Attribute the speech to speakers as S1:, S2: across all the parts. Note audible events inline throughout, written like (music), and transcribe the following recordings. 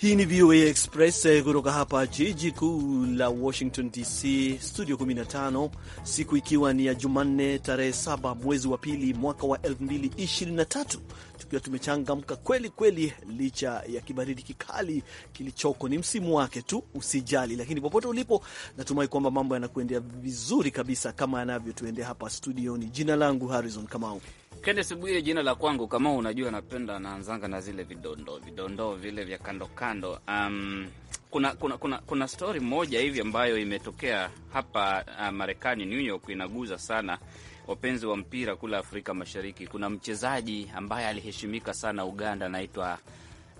S1: hii ni VOA Express eh, kutoka hapa jiji kuu la Washington DC, studio 15, siku ikiwa ni ya Jumanne tarehe 7 mwezi wa pili mwaka wa 2023, tukiwa tumechangamka kweli kweli, licha ya kibaridi kikali kilichoko. Ni msimu wake tu, usijali. Lakini popote ulipo, natumai kwamba mambo yanakuendea vizuri kabisa kama yanavyotuendea hapa studioni. Jina langu Harrison Kamau
S2: Kenneth Bwire jina la kwangu, kama unajua, napenda naanzanga na zile vidondo vidondo vile vya kando kando. Um, kuna, kuna, kuna, kuna stori moja hivi ambayo imetokea hapa uh, Marekani, New York, inaguza sana wapenzi wa mpira kule Afrika Mashariki. Kuna mchezaji ambaye aliheshimika sana Uganda, anaitwa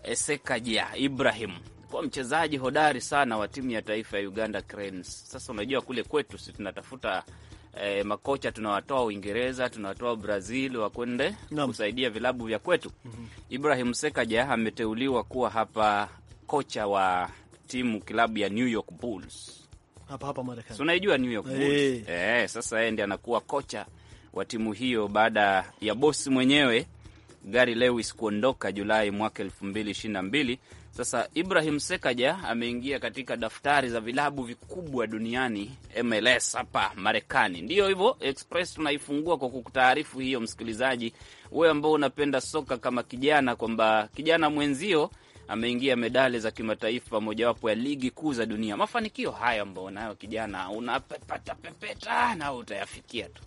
S2: Esekaja Ibrahim kuwa mchezaji hodari sana wa timu ya taifa ya Uganda Cranes. Sasa unajua kule kwetu si tunatafuta eh, makocha tunawatoa Uingereza, tunawatoa Brazil wakwende no. kusaidia vilabu vya kwetu mm -hmm. Ibrahim Sekaja ameteuliwa kuwa hapa kocha wa timu klabu ya New York Bulls
S1: hapa hapa Marekani.
S2: Unaijua New York Bulls hey. Eh. eh, sasa yeye ndiye anakuwa kocha wa timu hiyo baada ya bosi mwenyewe Gary Lewis kuondoka Julai mwaka elfu mbili ishirini na mbili sasa Ibrahim Sekaja ameingia katika daftari za vilabu vikubwa duniani MLS hapa Marekani. Ndiyo hivyo, Express tunaifungua kwa kukutaarifu hiyo, msikilizaji wewe ambao unapenda soka kama kijana, kwamba kijana mwenzio ameingia medali za kimataifa, mojawapo ya ligi kuu za dunia. Mafanikio haya ambao nayo kijana, unapepata pepeta, na utayafikia tu.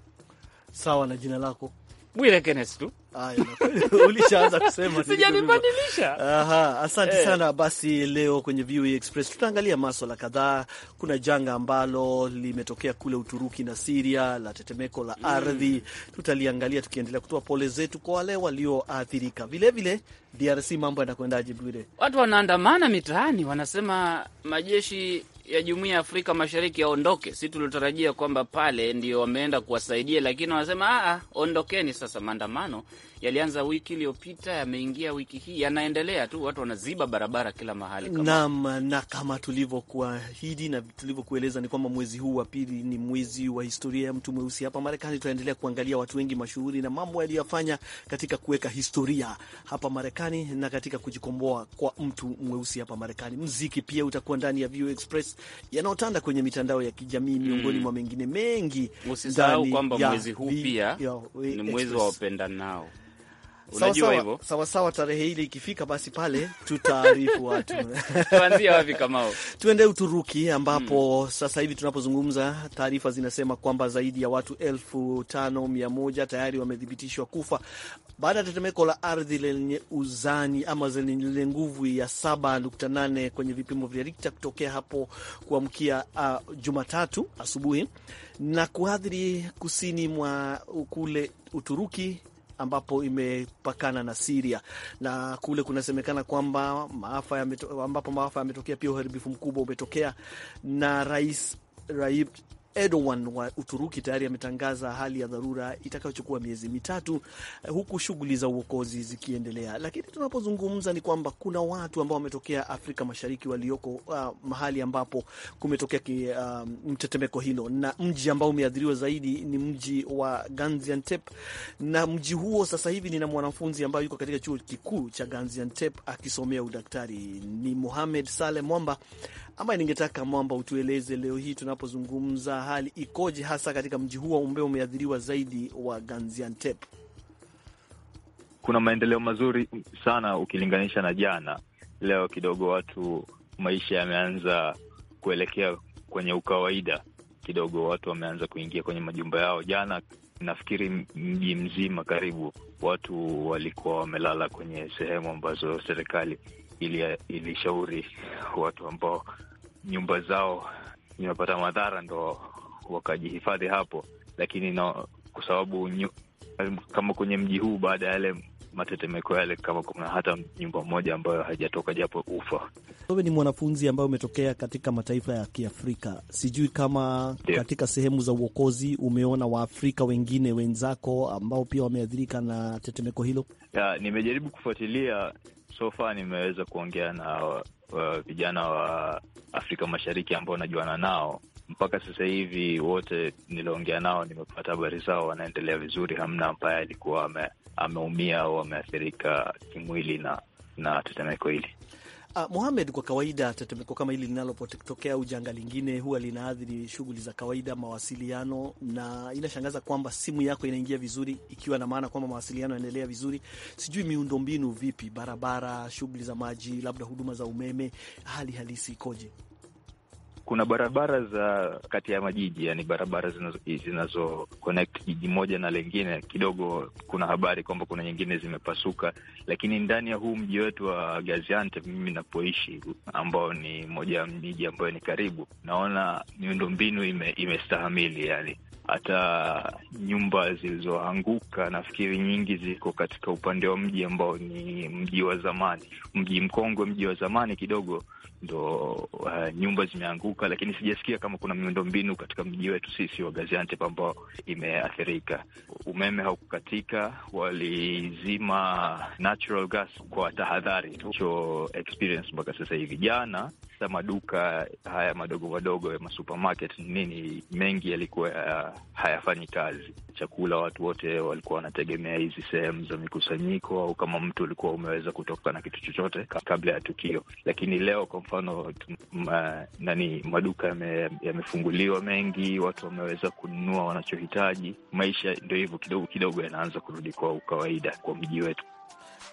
S1: Sawa na jina lako Bwire tu (laughs) ulishaanza kusema sijanibadilisha. Aha, asante eh. sana. Basi leo kwenye VOA Express tutaangalia maswala kadhaa. Kuna janga ambalo limetokea kule Uturuki na Siria la tetemeko la mm. ardhi mm, tutaliangalia tukiendelea kutoa pole zetu kwa wale walioathirika. Vilevile DRC mambo yanakwendaje,
S2: Bwire? Watu wanaandamana mitaani wanasema majeshi ya Jumuiya ya Afrika Mashariki yaondoke. Si tulitarajia kwamba pale ndio wameenda kuwasaidia, lakini wanasema a, ah, ah, ondokeni sasa. Maandamano yalianza wiki iliyopita, yameingia wiki hii, yanaendelea tu, watu wanaziba barabara kila mahali Naam,
S1: na kama tulivyokuahidi na tulivyokueleza ni kwamba mwezi huu wa pili ni mwezi wa historia ya mtu mweusi hapa Marekani. Tutaendelea kuangalia watu wengi mashuhuri na mambo yaliyofanya katika kuweka historia hapa Marekani na katika kujikomboa kwa mtu mweusi hapa Marekani. Mziki pia utakuwa ndani ya View Express yanayotanda kwenye mitandao ya kijamii miongoni mm. mwa mengine mengi. Usisahau kwamba mwezi huu pia ni mwezi wa
S2: wapendanao unajua hivyo
S1: sawa sawa. Tarehe hili ikifika, basi pale tutaarifu watu
S2: (laughs) tuanzia wapi kamao.
S1: Tuende Uturuki ambapo hmm, sasa hivi tunapozungumza, taarifa zinasema kwamba zaidi ya watu elfu tano mia moja tayari wamethibitishwa kufa baada ya tetemeko la ardhi lenye uzani ama lenye nguvu ya 7.8 kwenye vipimo vya Richter kutokea hapo kuamkia uh, Jumatatu asubuhi na kuathiri kusini mwa kule Uturuki ambapo imepakana na Siria na kule kunasemekana kwamba maafa ambapo maafa yametokea pia uharibifu mkubwa umetokea na rais Raib Erdogan wa Uturuki tayari ametangaza hali ya dharura itakayochukua miezi mitatu, eh, huku shughuli za uokozi zikiendelea. Lakini tunapozungumza ni kwamba kuna watu ambao wametokea Afrika Mashariki walioko uh, mahali ambapo kumetokea uh, mtetemeko hilo, na mji ambao umeathiriwa zaidi ni mji wa Gaziantep, na mji huo sasa hivi nina mwanafunzi ambaye yuko katika chuo kikuu cha Gaziantep akisomea udaktari, ni Mohamed Saleh Mwamba, ambaye ningetaka Mwamba utueleze leo hii tunapozungumza hali ikoje hasa katika mji huo ambao umeathiriwa zaidi wa
S3: Gaziantep? Kuna maendeleo mazuri sana ukilinganisha na jana. Leo kidogo watu maisha yameanza kuelekea kwenye ukawaida kidogo, watu wameanza kuingia kwenye majumba yao. Jana nafikiri mji mzima karibu watu walikuwa wamelala kwenye sehemu ambazo serikali ilishauri ili watu ambao nyumba zao zimepata madhara ndo wakajihifadhi hapo, lakini na kwa sababu kama kwenye mji huu baada ya yale matetemeko yale, kama kuna hata nyumba moja ambayo haijatoka japo ufa.
S1: Wewe ni mwanafunzi ambaye umetokea katika mataifa ya Kiafrika, sijui kama yeah, katika sehemu za uokozi umeona Waafrika wengine wenzako ambao pia wameathirika na tetemeko hilo?
S3: Yeah, nimejaribu kufuatilia sofa, nimeweza kuongea na uh, vijana wa, wa Afrika Mashariki ambao najuana nao mpaka sasa hivi wote niliongea nao, nimepata habari zao, wanaendelea vizuri. Hamna ambaye alikuwa ame, ameumia au ameathirika kimwili na na tetemeko hili.
S1: Uh, Mohamed, kwa kawaida tetemeko kama hili linalopotokea au janga lingine huwa linaathiri shughuli za kawaida, mawasiliano, na inashangaza kwamba simu yako inaingia vizuri, ikiwa na maana kwamba mawasiliano yanaendelea vizuri. Sijui miundombinu vipi, barabara, shughuli za maji, labda huduma za umeme, hali halisi ikoje?
S3: kuna barabara za kati ya majiji, yani barabara zinazo, connect jiji moja na lengine. Kidogo kuna habari kwamba kuna nyingine zimepasuka, lakini ndani ya huu mji wetu wa Gaziantep, mimi napoishi, ambao ni moja ya miji ambayo ni karibu, naona miundombinu ime, imestahamili yani hata nyumba zilizoanguka nafikiri nyingi ziko katika upande wa mji ambao ni mji wa zamani, mji mkongwe, mji wa zamani kidogo ndo uh, nyumba zimeanguka, lakini sijasikia kama kuna miundombinu katika mji wetu sisi wa Gaziantep ambao imeathirika. Umeme haukukatika, walizima natural gas kwa tahadhari tu, experience mpaka sasa hivi. Jana sasa maduka haya madogo madogo ya masupermarket nini, mengi yalikuwa uh, hayafanyi kazi. Chakula watu wote walikuwa wanategemea hizi sehemu za mikusanyiko, au kama mtu ulikuwa umeweza kutoka na kitu chochote kabla ya tukio. Lakini leo kwa mfano ma, uh, nani maduka yamefunguliwa me, ya mengi, watu wameweza kununua wanachohitaji. Maisha ndo hivyo kidogo kidogo yanaanza kurudi kwa ukawaida kwa mji wetu.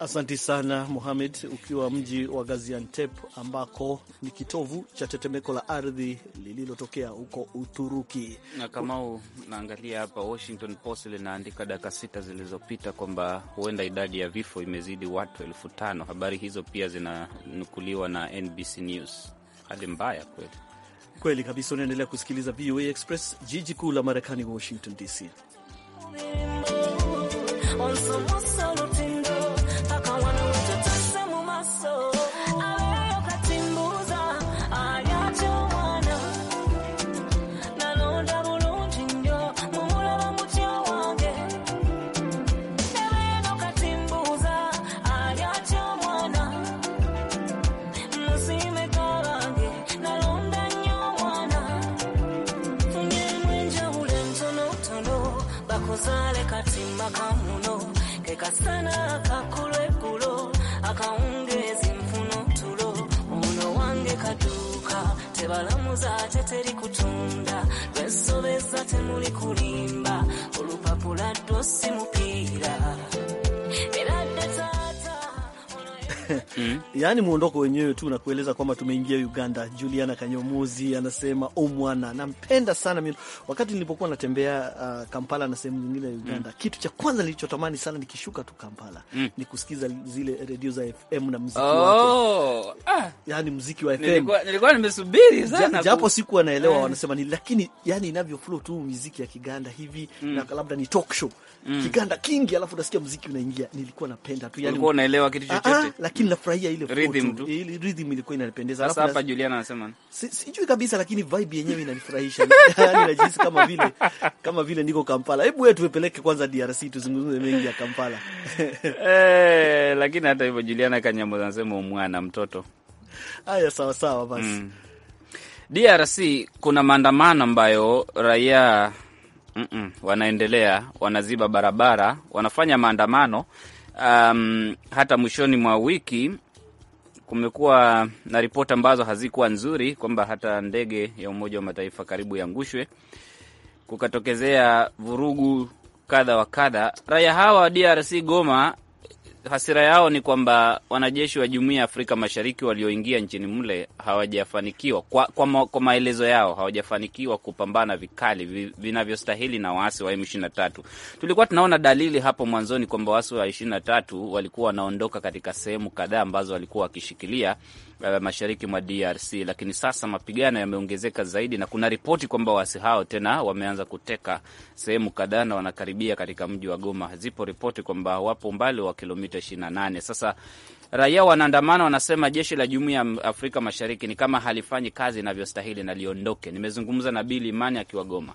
S1: Asanti sana Muhamed, ukiwa mji wa Gaziantep ambako ni kitovu cha tetemeko la ardhi lililotokea huko Uturuki. Na u
S2: naangalia hapa Washington Post linaandika dakika sita zilizopita kwamba huenda idadi ya vifo imezidi watu elfu tano. Habari hizo pia zinanukuliwa na NBC News. Hali mbaya kweli kweli kabisa. Unaendelea
S1: kusikiliza VOA Express, jiji kuu la Marekani, Washington DC.
S4: kakuzale katimba kamuno kekasana kakulu eggulo akawungezi nfuno tulo ono wange kaduuka tebalamuza ate teri kutunda lwesobeza temuli kulimba olupapula ddo si mupiira
S1: mm. Yaani muondoko wenyewe tu nakueleza kwamba tumeingia Uganda. Juliana Kanyomozi anasema o oh, mwana, nampenda sana mimi. Wakati nilipokuwa natembea uh, Kampala na sehemu nyingine ya Uganda mm. kitu cha kwanza nilichotamani sana nikishuka tu Kampala mm. ni kusikiza zile redio za FM na muziki oh,
S2: wake ah. Yaani muziki wa FM nilikuwa, nilikuwa nimesubiri sana japo ku...
S1: sikuwa naelewa eh. wanasema ni lakini, yani inavyo flow tu muziki ya Kiganda hivi mm. na labda ni talk show mm. Kiganda kingi, alafu nasikia muziki unaingia, nilikuwa napenda tu yani, unaelewa
S2: kitu ah, chochote ah, lakini mm nafurahia ile rhythm tu, ile rhythm ilikuwa inanipendeza. Sasa hapa Juliana anasema
S1: sijui kabisa, lakini vibe yenyewe inanifurahisha, (laughs) yani najisi kama vile kama vile niko Kampala. Hebu wewe tupeleke kwanza DRC tuzungumze mengi ya Kampala.
S2: (laughs) Eh, lakini hata hivyo Juliana Kanyambo anasema umwana mtoto.
S1: Haya, sawa sawa basi. Mm.
S2: DRC kuna maandamano ambayo raia Mm -mm, wanaendelea, wanaziba barabara, wanafanya maandamano um, hata mwishoni mwa wiki kumekuwa na ripoti ambazo hazikuwa nzuri kwamba hata ndege ya Umoja wa Mataifa karibu yangushwe, kukatokezea vurugu kadha wa kadha. Raia hawa wa DRC Goma hasira yao ni kwamba wanajeshi wa Jumuiya ya Afrika Mashariki walioingia nchini mle hawajafanikiwa kwa, kwa, kwa maelezo yao hawajafanikiwa kupambana vikali vinavyostahili na waasi wa M23. Tulikuwa tunaona dalili hapo mwanzoni kwamba waasi wa 23 walikuwa wanaondoka katika sehemu kadhaa ambazo walikuwa wakishikilia eh, mashariki mwa DRC, lakini sasa mapigano yameongezeka zaidi na kuna ripoti kwamba waasi hao tena wameanza kuteka sehemu kadhaa na wanakaribia katika mji wa Goma. Zipo ripoti kwamba wapo umbali wa kilomita kilomita 28. Sasa raia wanaandamana, wanasema jeshi la jumuiya ya Afrika Mashariki ni kama halifanyi kazi inavyostahili na liondoke. Nimezungumza na Bili Imani akiwa Goma.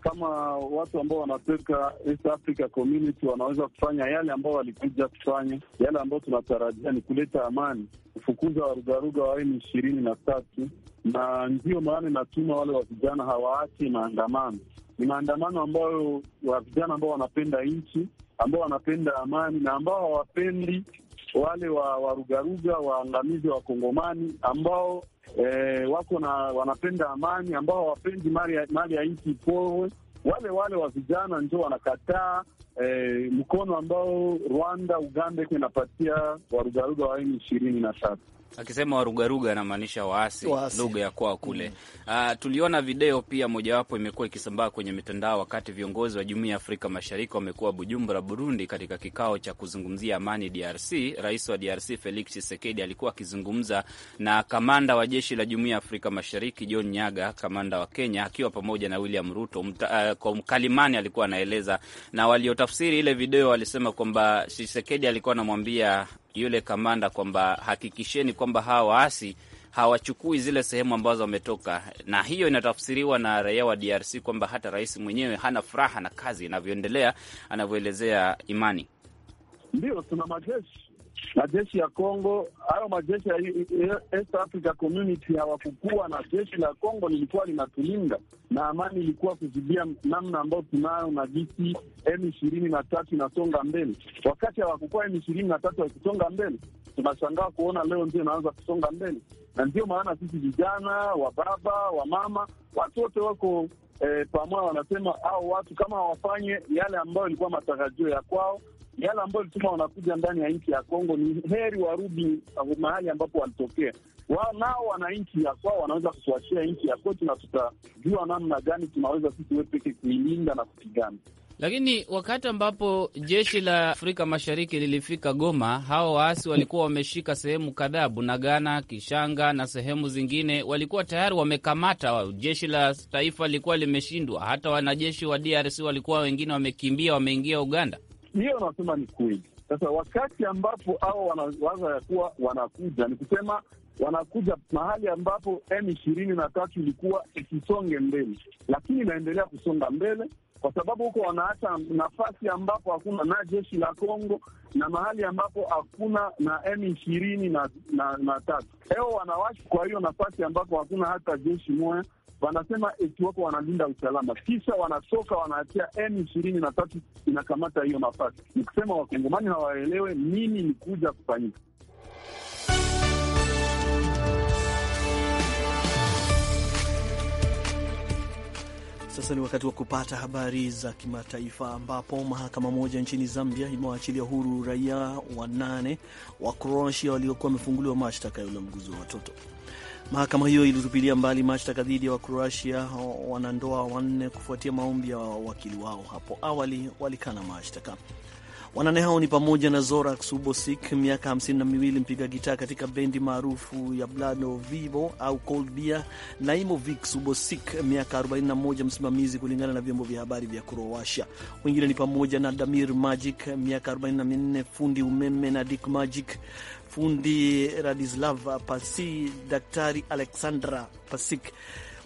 S5: Kama watu ambao wanatoka East Africa Community wanaweza kufanya yale ambao walikuja kufanya, yale ambao tunatarajia ni kuleta amani, kufukuza warugaruga wa M ishirini na tatu, na ndiyo maana inatuma wale wa vijana hawaache maandamano. Ni maandamano ambayo wa vijana ambao wanapenda nchi ambao wanapenda amani na ambao hawapendi wale wa warugaruga waangamizi wa Kongomani ambao eh, wako na wanapenda amani, ambao hawapendi mali ya nchi ipowe Wale wale wa vijana ndio wanakataa eh, mkono ambao Rwanda, Uganda iko inapatia warugaruga wa M ishirini na tatu
S2: akisema warugaruga anamaanisha waasi, lugha ya kwao kule. Mm. Uh, tuliona video pia mojawapo imekuwa ikisambaa kwenye mitandao wakati viongozi wa jumuiya ya Afrika Mashariki wamekuwa Bujumbura, Burundi, katika kikao cha kuzungumzia amani DRC. Rais wa DRC Felix Tshisekedi alikuwa akizungumza na kamanda wa jeshi la jumuiya ya Afrika Mashariki John Nyaga, kamanda wa Kenya, akiwa pamoja na William Ruto. Uh, mkalimani alikuwa anaeleza, na waliotafsiri ile video walisema kwamba Tshisekedi alikuwa anamwambia yule kamanda kwamba hakikisheni kwamba hawa waasi hawachukui zile sehemu ambazo wametoka, na hiyo inatafsiriwa na raia wa DRC kwamba hata rais mwenyewe hana furaha na kazi inavyoendelea, anavyoelezea Imani.
S5: Ndio, tuna majeshi majeshi ya Kongo hayo majeshi ya East Africa Community hawakukuwa na jeshi la Kongo lilikuwa linatulinda, na amani ilikuwa kuzibia namna ambayo tunayo na jisi M ishirini na tatu inasonga mbele, wakati hawakukuwa M ishirini na tatu wakisonga mbele. Tunashangaa kuona leo ndio inaanza kusonga mbele, na ndio maana sisi vijana wa baba wa mama watu wote wako eh, pamoja, wanasema au watu kama hawafanye yale ambayo ilikuwa matarajio ya kwao yale ambayo lituma wanakuja ndani ya nchi ya Kongo, ni heri warudi mahali ambapo walitokea. Wao nao wana nchi ya kwao, wanaweza kutuachia nchi ya kwetu, na tutajua namna gani tunaweza sisi we peke kuilinda na kupigana.
S2: Lakini wakati ambapo jeshi la Afrika Mashariki lilifika Goma, hao waasi walikuwa wameshika sehemu kadhaa, Bunagana, Kishanga na sehemu zingine, walikuwa tayari wamekamata. Jeshi la taifa lilikuwa limeshindwa, hata wanajeshi wa DRC walikuwa wengine wamekimbia, wameingia Uganda
S5: hiyo nasema ni kweli. Sasa wakati ambapo hao wanawaza ya kuwa wanakuja, ni kusema wanakuja mahali ambapo M ishirini na tatu ilikuwa ikisonge mbele, lakini inaendelea kusonga mbele kwa sababu huko wanaacha nafasi ambapo hakuna na jeshi la Kongo na mahali ambapo hakuna na M ishirini na, na, na tatu eo wanawashi Kwa hiyo nafasi ambapo hakuna hata jeshi moya wanasema ikiwapo wanalinda usalama, kisha wanatoka wanaatia M ishirini na tatu inakamata hiyo nafasi. Ni kusema wakongomani hawaelewe nini ni kuja kufanyika.
S1: Sasa ni wakati wa kupata habari za kimataifa ambapo mahakama moja nchini Zambia imewaachilia huru raia wanane wa Kroatia waliokuwa wamefunguliwa mashtaka ya ulanguzi wa watoto. Mahakama hiyo ilitupilia mbali mashtaka dhidi ya Wakroatia wanandoa wanne kufuatia maombi ya wakili wao. Hapo awali walikana mashtaka. Wanane hao ni pamoja na zorak subosik miaka 52, miwili, mpiga gitaa katika bendi maarufu ya Blano Vivo au Cold Beer, Naimo Vik Subosik, miaka 41, msimamizi kulingana na vyombo vya habari vya Kroatia. Wengine ni pamoja na Damir Magic, miaka 44, fundi umeme na Dik Magic fundi Radislav Pasi, Daktari Aleksandra Pasik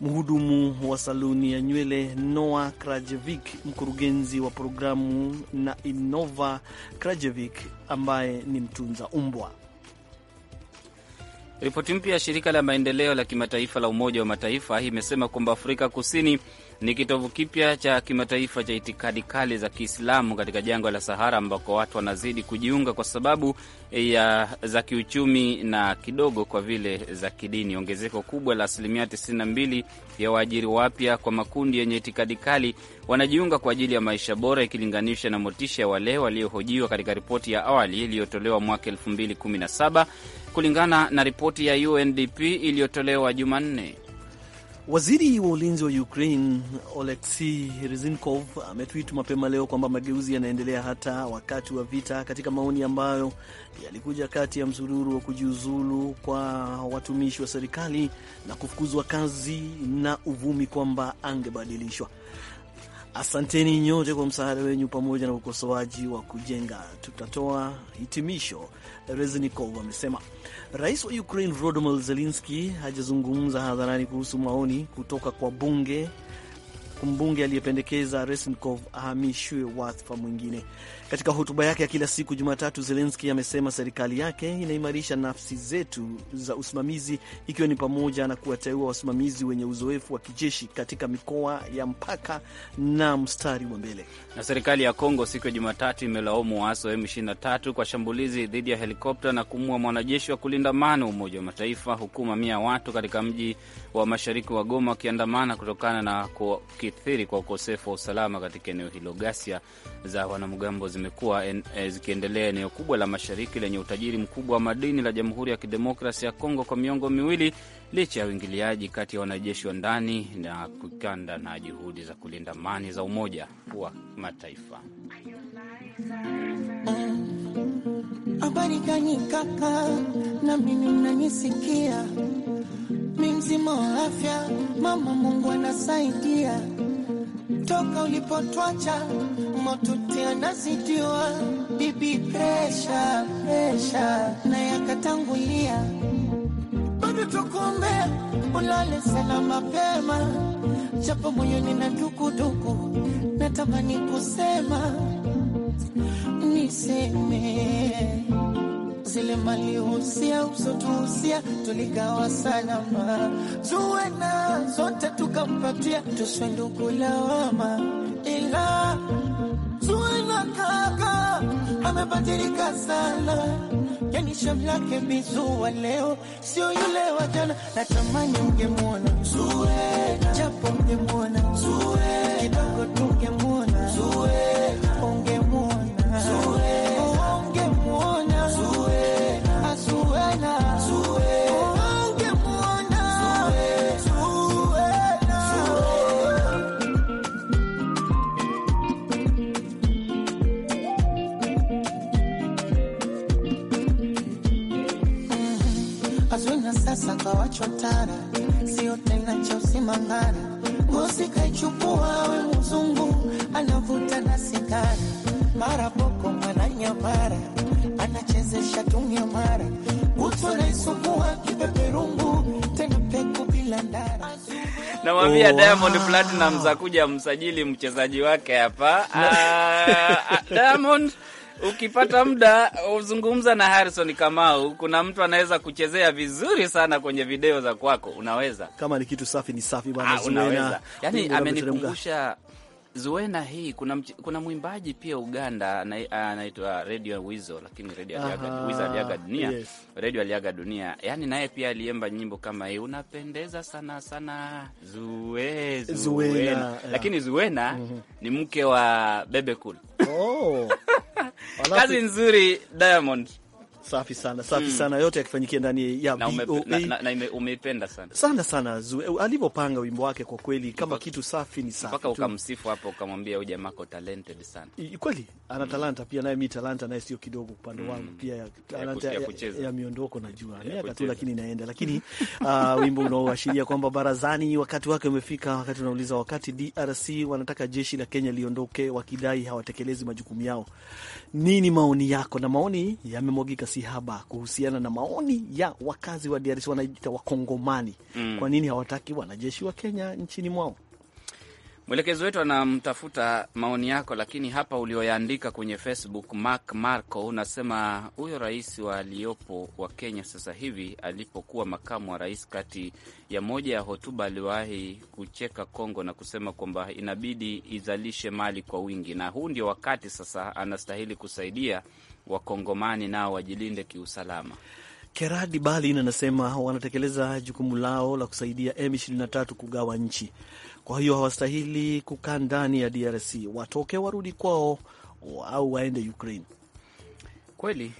S1: Mhudumu wa saluni ya nywele Noa krajevik mkurugenzi wa programu na Innova krajevik ambaye ni mtunza umbwa.
S2: Ripoti mpya ya shirika la maendeleo la kimataifa la Umoja wa Mataifa imesema kwamba Afrika Kusini ni kitovu kipya cha kimataifa cha itikadi kali za Kiislamu katika jangwa la Sahara, ambako watu wanazidi kujiunga kwa sababu ya za kiuchumi na kidogo kwa vile za kidini. Ongezeko kubwa la asilimia 92 ya waajiri wapya kwa makundi yenye itikadi kali wanajiunga kwa ajili ya maisha bora ikilinganisha na motisha ya wale waliohojiwa katika ripoti ya awali iliyotolewa mwaka 2017 kulingana na ripoti ya UNDP iliyotolewa Jumanne.
S1: Waziri wa ulinzi wa Ukraine Oleksii rizinkov ametwitu mapema leo kwamba mageuzi yanaendelea hata wakati wa vita, katika maoni ambayo yalikuja kati ya msururu wa kujiuzulu kwa watumishi wa serikali na kufukuzwa kazi na uvumi kwamba angebadilishwa. Asanteni nyote kwa msaada wenyu pamoja na ukosoaji wa kujenga, tutatoa hitimisho, Reznikov amesema. Rais wa Ukraine Volodymyr Zelensky hajazungumza hadharani kuhusu maoni kutoka kwa bunge mbunge aliyependekeza Resnikov ahamishwe wadhifa mwingine. Katika hotuba yake ya kila siku Jumatatu, Zelenski amesema serikali yake inaimarisha nafsi zetu za usimamizi, ikiwa ni pamoja na kuwateua wasimamizi wenye uzoefu wa kijeshi katika mikoa ya mpaka na mstari wa mbele.
S2: Na serikali ya Kongo siku ya Jumatatu imelaumu waasi wa M23 kwa shambulizi dhidi ya helikopta na kumua mwanajeshi wa kulinda amani wa Umoja wa Mataifa, huku mamia ya watu katika mji wa mashariki wa Goma wakiandamana kutokana na kukithiri kwa ukosefu wa usalama katika eneo hilo. Ghasia za wanamgambo zimekuwa eh, zikiendelea eneo kubwa la mashariki lenye utajiri mkubwa wa madini la Jamhuri ya Kidemokrasia ya Kongo kwa miongo miwili licha ya uingiliaji kati ya wanajeshi wa ndani na kikanda na juhudi za kulinda amani za Umoja wa Mataifa.
S4: Habari gani kaka, na mimi mnanisikia? Mi mzima wa afya, mama, Mungu anasaidia toka ulipotwacha moto tena zidiwa bibi presha presha na yakatangulia, bado tukuombea ulale salama mapema, japo moyoni na dukuduku natamani kusema niseme zile mali husia usotuhusia tuligawa salama, tuwe na zote tukampatia, tusiwe ndugu ila tuwe na kaka amebadilika sana, yani shamlake bizuwa leo sio yule wa jana. Natamani tuwe japo tuwe kidogo tungemwona tuwe sasa kawachwa tara, sio tena cha usimangara. Ngozi kaichukua we mzungu, anavuta na sigara, mara boko mara nyamara, anachezesha tumia mara uso naisugua kipeperungu tena peku bila ndara
S2: Namwambia oh, Diamond wow. Platinum za kuja msajili mchezaji wake hapa. Uh, Diamond ukipata muda uzungumza na Harrison Kamau. Kuna mtu anaweza kuchezea vizuri sana kwenye video za kwako, unaweza kama ni kitu safi, ni safi bana. Ah, unaweza yani, amenikumbusha Zuena hii kuna, kuna mwimbaji pia Uganda anaitwa Radio Wizo, lakini Wizo aliaga dunia. Yes. Radio aliaga dunia, yani naye pia aliemba nyimbo kama hii, unapendeza sana sana zue, Zuena, Zuena. Lakini Zuena mm -hmm. ni mke wa Bebe Cool. Oh kazi nzuri Diamond. Safi sana, safi mm. sana,
S1: yote yakifanyikia ndani
S2: ya na VOA na na, na umeipenda sana
S1: sana sana eh, alivyopanga wimbo wake, kwa kweli kama
S2: Mpaka, kitu safi ni safi, mpaka ukamsifu hapo ukamwambia huyu jamaa ko talented sana
S1: kweli, ana mm. talanta mm. pia naye mi talanta naye sio kidogo upande wangu mm. pia talanta ya, ya, ya ya miondoko najua miaka tu, lakini naenda (laughs) lakini uh, wimbo unaoashiria kwamba barazani wakati wake umefika, wakati unauliza, wakati DRC wanataka jeshi la Kenya liondoke wakidai hawatekelezi majukumu yao. Nini maoni yako? Na maoni yamemwagika si haba kuhusiana na maoni ya wakazi wa DRC wanajiita Wakongomani. Mm. Kwa nini hawataki wanajeshi wa Kenya nchini mwao?
S2: Mwelekezi wetu anamtafuta maoni yako, lakini hapa ulioyaandika kwenye Facebook, Mark Marco unasema huyo rais aliyopo wa Kenya sasa hivi alipokuwa makamu wa rais, kati ya moja ya hotuba aliwahi kucheka Kongo na kusema kwamba inabidi izalishe mali kwa wingi, na huu ndio wakati sasa anastahili kusaidia Wakongomani nao wajilinde kiusalama.
S1: Keradi Balin anasema wanatekeleza jukumu lao la kusaidia M23 kugawa nchi kwa hiyo hawastahili kukaa ndani ya DRC, watoke warudi kwao au waende Ukraine.
S2: Kweli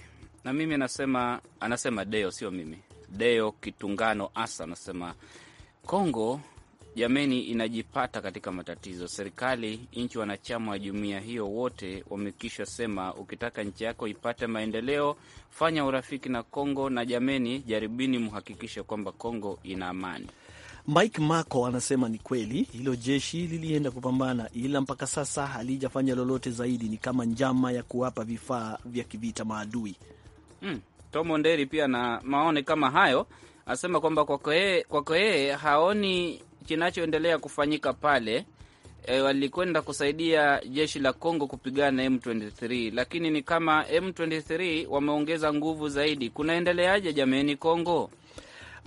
S2: na mimi nasema, anasema Deo, sio mimi, Deo Kitungano Asa anasema Kongo jameni, inajipata katika matatizo. Serikali, nchi wanachama wa jumuiya hiyo wote wamekishwa sema, ukitaka nchi yako ipate maendeleo fanya urafiki na Kongo, na jameni, jaribini mhakikishe kwamba Kongo ina amani.
S1: Mike Mako anasema ni kweli hilo jeshi lilienda kupambana, ila mpaka sasa halijafanya lolote zaidi, ni kama njama ya kuwapa vifaa vya kivita maadui.
S2: Hmm. Tom Onderi pia na maoni kama hayo, anasema kwamba kwako yeye haoni kinachoendelea kufanyika pale. E, walikwenda kusaidia jeshi la Kongo kupigana M23, lakini ni kama M23 wameongeza nguvu zaidi. Kunaendeleaje jameni Kongo?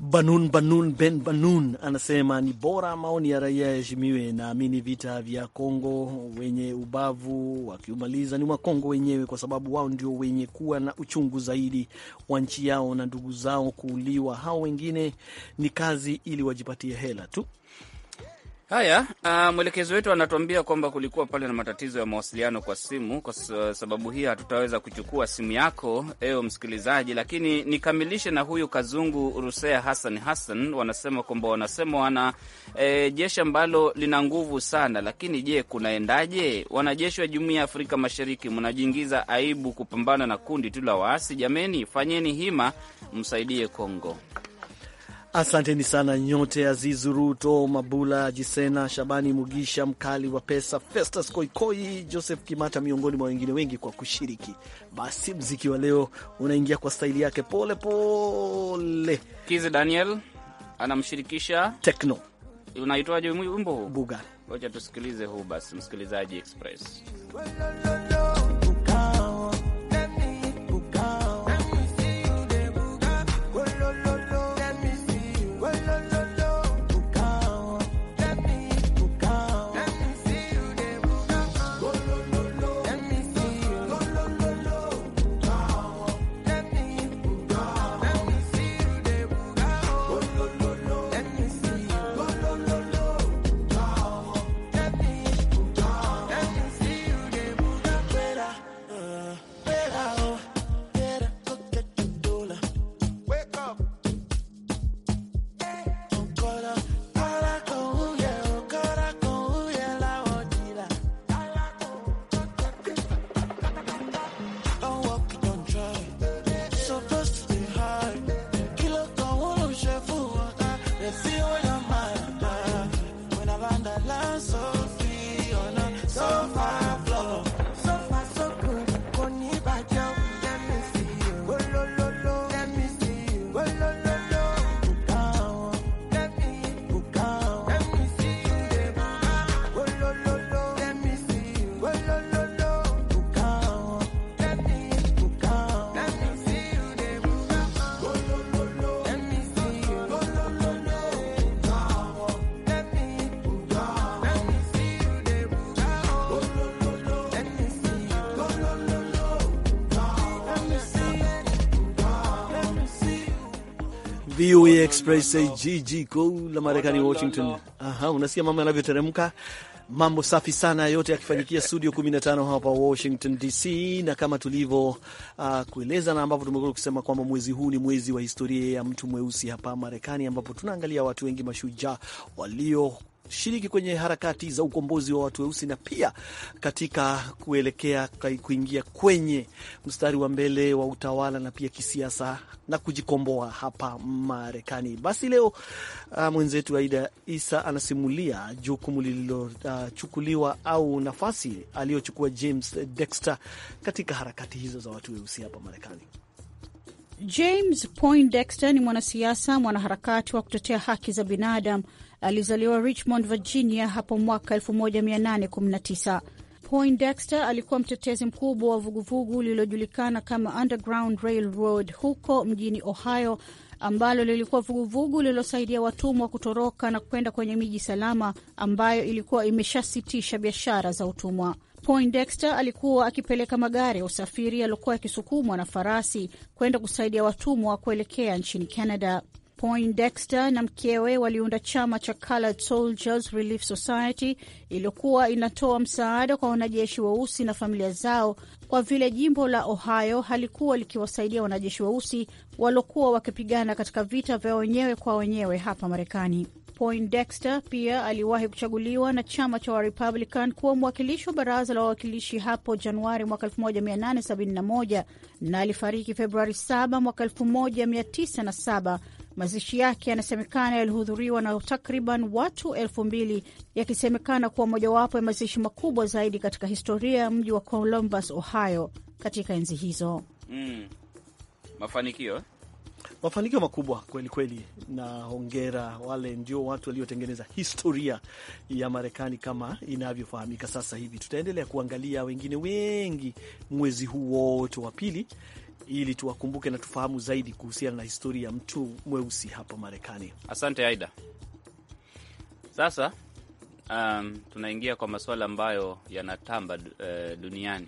S1: Banun Banun Ben Banun anasema ni bora maoni ya raia yaheshimiwe. Naamini vita vya Kongo wenye ubavu wakiumaliza ni Wakongo wenyewe, kwa sababu wao ndio wenye kuwa na uchungu zaidi wa nchi yao na ndugu zao kuuliwa. Hao wengine ni kazi ili wajipatie hela tu.
S2: Haya, uh, mwelekezi wetu anatuambia kwamba kulikuwa pale na matatizo ya mawasiliano kwa simu. Kwa ah, sababu hii hatutaweza kuchukua simu yako eo msikilizaji, lakini nikamilishe na huyu Kazungu Rusea Hassan Hassan. Wanasema kwamba wanasema wana e, jeshi ambalo lina nguvu sana, lakini je, kunaendaje? Wanajeshi wa Jumuiya ya Afrika Mashariki mnajiingiza aibu kupambana na kundi tu la waasi. Jameni, fanyeni hima, msaidie Kongo.
S1: Asanteni sana nyote, Azizu Ruto, Mabula Jisena, Shabani Mugisha, Mkali wa Pesa, Festus Koikoi, Joseph Kimata, miongoni mwa wengine wengi kwa kushiriki. Basi mziki wa leo unaingia kwa staili yake pole pole.
S2: Kizi Daniel anamshirikisha Tekno, unaitwaje wimbo Buga. Ngoja tusikilize huu basi, msikilizaji Express
S1: VOA Express, jiji kuu la Marekani, Washington. Aha, unasikia mambo yanavyoteremka. Mambo safi sana, yote yakifanyikia studio 15 hapa Washington DC, na kama tulivyo uh, kueleza na ambapo tumekuwa tukisema kwamba mwezi huu ni mwezi wa historia ya mtu mweusi hapa Marekani, ambapo tunaangalia watu wengi mashujaa walio kushiriki kwenye harakati za ukombozi wa watu weusi na pia katika kuelekea kuingia kwenye mstari wa mbele wa utawala na pia kisiasa na kujikomboa hapa Marekani. Basi leo uh, mwenzetu Aida Isa anasimulia jukumu lililochukuliwa uh, au nafasi aliyochukua James Dexter katika harakati hizo za watu weusi hapa Marekani.
S6: James Poindexter ni mwanasiasa, mwanaharakati wa kutetea haki za binadamu. Alizaliwa Richmond, Virginia hapo mwaka 1819. Poindexter alikuwa mtetezi mkubwa wa vuguvugu lililojulikana kama Underground Railroad huko mjini Ohio, ambalo lilikuwa vuguvugu lililosaidia watumwa kutoroka na kwenda kwenye miji salama ambayo ilikuwa imeshasitisha biashara za utumwa. Poindexter alikuwa akipeleka magari ya usafiri yaliokuwa yakisukumwa na farasi kwenda kusaidia watumwa kuelekea nchini Canada. Poindexter na mkewe waliunda chama cha Colored Soldiers Relief Society iliyokuwa inatoa msaada kwa wanajeshi weusi na familia zao, kwa vile jimbo la Ohio halikuwa likiwasaidia wanajeshi weusi waliokuwa wakipigana katika vita vya wenyewe kwa wenyewe hapa Marekani. Poindexter pia aliwahi kuchaguliwa na chama cha Warepublican kuwa mwakilishi wa baraza la wawakilishi hapo Januari mwaka 1871 na alifariki Februari 7 mwaka 1907. Mazishi yake yanasemekana yalihudhuriwa na takriban watu elfu mbili yakisemekana kuwa mojawapo ya mazishi makubwa zaidi katika historia ya mji wa Columbus, Ohio katika enzi hizo.
S2: Mm. Mafanikio eh? mafanikio makubwa
S1: kweli kweli, na hongera. Wale ndio watu waliotengeneza historia ya Marekani kama inavyofahamika sasa hivi. Tutaendelea kuangalia wengine wengi mwezi huu wote wa pili, ili tuwakumbuke na tufahamu zaidi kuhusiana na historia ya mtu mweusi hapa Marekani.
S2: Asante Aida. Sasa um, tunaingia kwa masuala ambayo yanatamba uh, duniani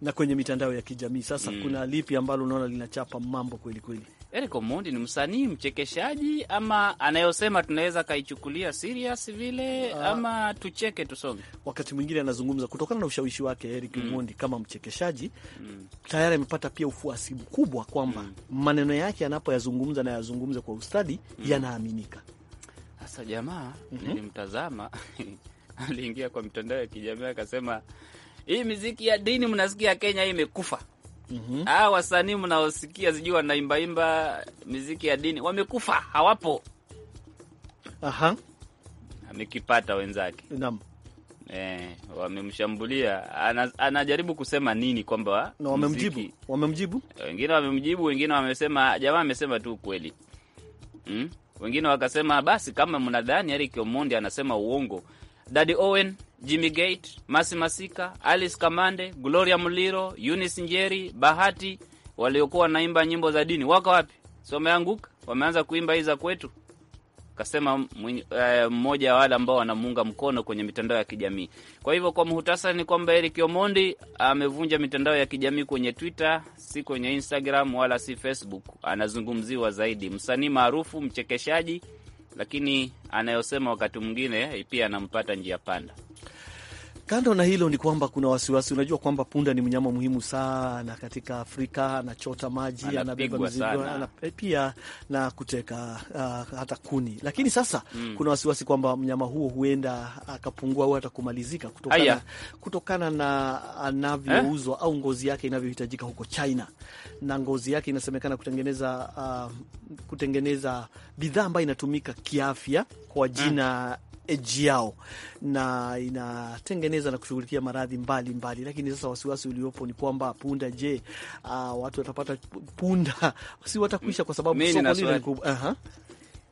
S1: na kwenye mitandao ya kijamii sasa. Mm, kuna lipi ambalo unaona linachapa mambo kweli kweli?
S2: Eric Omondi ni msanii mchekeshaji, ama anayosema tunaweza kaichukulia serious vile uh, ama tucheke tusonge.
S1: Wakati mwingine anazungumza kutokana na ushawishi wake Eric mm. kama mchekeshaji mm. tayari amepata pia ufuasi mkubwa kwamba mm. maneno yake anapoyazungumza na yazungumza kwa ustadi mm. yanaaminika.
S2: Sasa jamaa mm -hmm. nilimtazama (laughs) aliingia kwa mitandao ya kijamii akasema, hii miziki ya dini mnasikia Kenya hii imekufa mm -hmm. wasanii mnaosikia sijui wanaimbaimba miziki ya dini wamekufa, hawapo. Aha. Amekipata wenzake naam. Eh, wamemshambulia ana, anajaribu kusema nini kwamba no, wamemjibu wamemjibu, wengine wamemjibu, wengine wamesema jamaa amesema tu ukweli hmm? Wengine wakasema basi, kama mnadhani Eric Omondi anasema uongo, Daddy Owen Jimmy Gate, Masi Masika, Alice Kamande, Gloria Muliro, Eunice Njeri, Bahati waliokuwa wanaimba nyimbo za dini wako wapi? Si wameanguka, wameanza kuimba hii za kwetu. Kasema eh, mmoja uh, wa wale ambao wanamuunga mkono kwenye mitandao ya kijamii. Kwa hivyo kwa muhtasari ni kwamba Eric Omondi amevunja mitandao ya kijamii kwenye Twitter, si kwenye Instagram wala si Facebook. Anazungumziwa zaidi msanii maarufu mchekeshaji lakini anayosema wakati mwingine pia anampata njia panda.
S1: Kando na hilo ni kwamba kuna wasiwasi. Unajua kwamba punda ni mnyama muhimu sana katika Afrika, anachota maji, anabeba mizigo eh, pia na kuteka uh, hata kuni. Lakini sasa mm, kuna wasiwasi kwamba mnyama huo huenda akapungua au hata kumalizika kutokana, kutokana na eh? anavyouzwa eh, au ngozi yake inavyohitajika huko China, na ngozi yake inasemekana kutengeneza uh, kutengeneza bidhaa ambayo inatumika kiafya kwa hmm. jina mm yao na inatengeneza na kushughulikia maradhi mbalimbali, lakini sasa wasiwasi uliopo ni kwamba punda, je, uh, watu watapata punda (laughs) si watakwisha, kwa sababu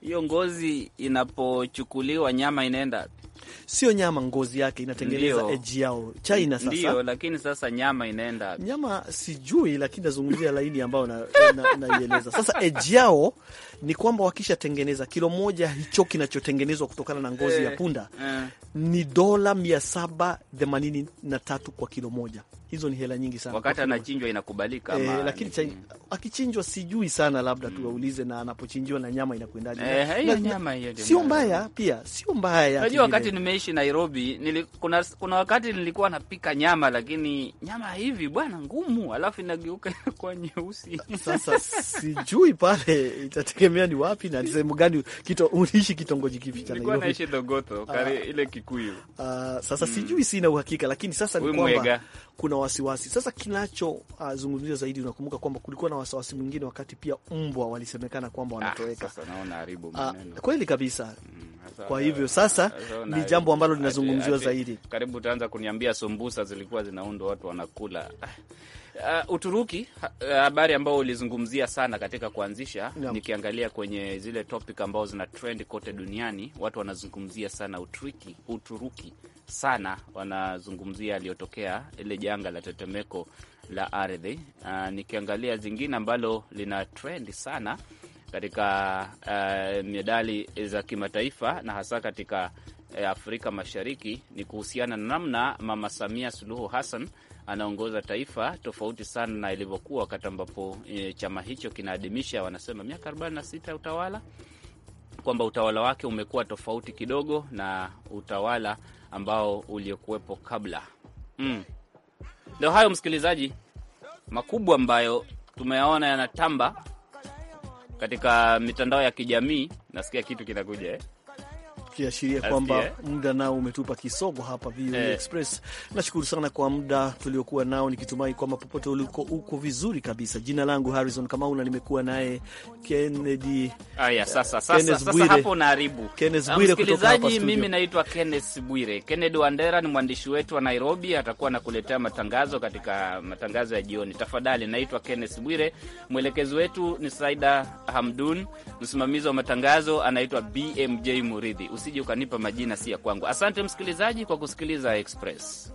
S2: Hiyo ngozi inapochukuliwa, nyama inaenda sio nyama, ngozi yake inatengeneza eji yao China. Sasa ndio, lakini sasa nyama inaenda
S1: nyama, sijui, lakini nazungumzia laini ambayo naieleza na, na sasa eji yao ni kwamba wakishatengeneza kilo moja hicho kinachotengenezwa kutokana na ngozi ya eh, punda eh, ni dola mia saba themanini na tatu kwa kilo moja. Hizo ni hela nyingi sana. Wakati anachinjwa
S2: inakubalika e, lakini cha,
S1: akichinjwa sijui sana, labda mm, tuwaulize na anapochinjiwa na nyama inakwendaje? Eh, sio mbaya pia, sio mbaya. Unajua wakati
S2: nime naishi Nairobi nili, kuna, kuna wakati nilikuwa napika nyama lakini nyama hivi bwana ngumu, alafu inageuka (laughs) kwa nyeusi. Sasa sijui
S1: pale itategemea ni wapi na sehemu gani, kito, uniishi kitongoji kipi cha Nairobi? Naishi
S2: Dogoto ah. kare uh, ile Kikuyu. uh,
S1: sasa mm, sijui, sina uhakika, lakini sasa ni kwamba kuna wasiwasi sasa. Kinachozungumziwa ah, uh, zaidi, unakumbuka kwamba kulikuwa na wasiwasi mwingine wakati pia mbwa walisemekana kwamba wanatoweka.
S2: Ah, sasa naona haribu maneno.
S1: Uh, Kweli kabisa mm.
S2: Kwa hivyo eh, sasa eh, ni jambo ambalo linazungumziwa zaidi. Karibu utaanza kuniambia sumbusa zilikuwa zinaundwa watu wanakula. Uh, Uturuki habari uh, ambayo ulizungumzia sana katika kuanzisha yeah. Nikiangalia kwenye zile topic ambazo zina trend kote duniani, watu wanazungumzia sana Uturuki, Uturuki sana wanazungumzia aliyotokea ile janga la tetemeko la ardhi. Uh, nikiangalia zingine ambalo lina trend sana katika uh, medali za kimataifa na hasa katika uh, Afrika Mashariki ni kuhusiana na namna Mama Samia Suluhu Hassan anaongoza taifa tofauti sana na ilivyokuwa wakati ambapo e, chama hicho kinaadhimisha, wanasema miaka 46 ya utawala, kwamba utawala wake umekuwa tofauti kidogo na utawala ambao uliokuwepo kabla. Mm. hayo msikilizaji, makubwa ambayo tumeyaona yanatamba katika mitandao ya kijamii nasikia kitu kinakuja eh?
S1: tukiashiria kwamba muda nao umetupa kisogo hapa VOA e eh, Express. Nashukuru sana kwa muda tuliokuwa nao, nikitumai kwamba popote uliko uko vizuri kabisa. Jina langu Harrison Kamau na nimekuwa naye Kennedy. Aya, sasa sasa sasa hapo
S2: Kenneth ah, Bwire kutoka hapa studio. Mimi naitwa Kenneth Bwire. Kennedy Wandera ni mwandishi wetu wa Nairobi, atakuwa nakuletea matangazo katika matangazo ya jioni. Tafadhali, naitwa Kenneth Bwire. Mwelekezi wetu ni Saida Hamdun, msimamizi wa matangazo anaitwa BMJ Muridhi. Usi usije ukanipa majina si ya kwangu. Asante msikilizaji kwa kusikiliza Express.